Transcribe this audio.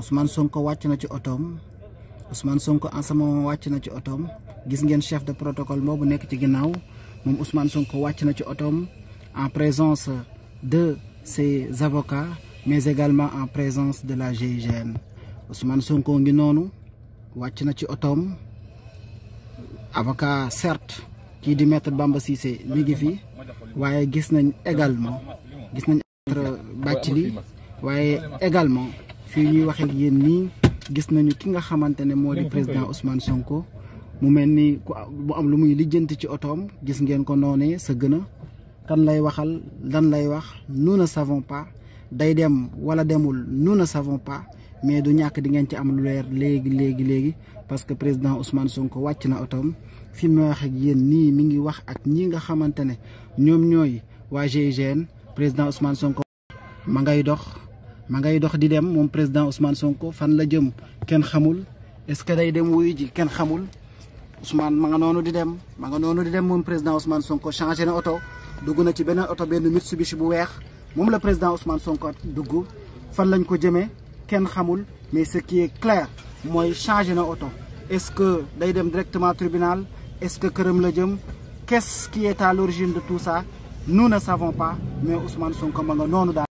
Ousmane Sonko wàcc na ci otoom Ousmane Sonko en ce moment wàcc na ci otoom gis ngeen chef de protocole boobu nekk ci ginnaaw moom Ousmane Sonko wàcc na ci otoom en présence de ses avocats mais également en présence de la GIGN Ousmane Sonko ngi noonu wàcc na ci otom avocat certes kii di maître Bamba Cissé mi ngi fi waaye gis nañ également gis nañ maître Bathily waaye également fii ñuy wax ak yéen nii gis nañu ki nga xamante ne moo di président Ousmane Sonko mu mel ni ku bu am lu muy lijjanti ci otoom gis ngeen ko noonee sa gën a kan lay waxal lan lay wax nous ne savons pas day dem wala demul nous ne savons mais du ñàkk di ngeen ci am lu leer léegi léegi léegi parce que président Ousmane Sonko wàcc na otoom fi mu wax yéen nii mi ngi wax ak ñi nga xamante ne ñoom ñooy waa GIGN président Ousmane Sonko ma ngay dox ma ngay dox di dem moom président Ousmane Sonko fan la jëm kenn xamul est-ce que day dem wuyu ji kenn xamul Ousmane ma nga noonu di dem ma nga noonu di dem moom président Ousmane Sonko changé na oto dugg na ci benn oto benn Mitsubishi bu weex moom la président Ousmane Sonko dugg fan lañ ko jëmee kenn xamul mais ce qui est mooy changé na oto est-ce que day dem directement tribunal est-ce que këram la jëm qu'est-ce qui est de tout ça nous ne savons pas mais Ousmane Sonko ma nga noonu daal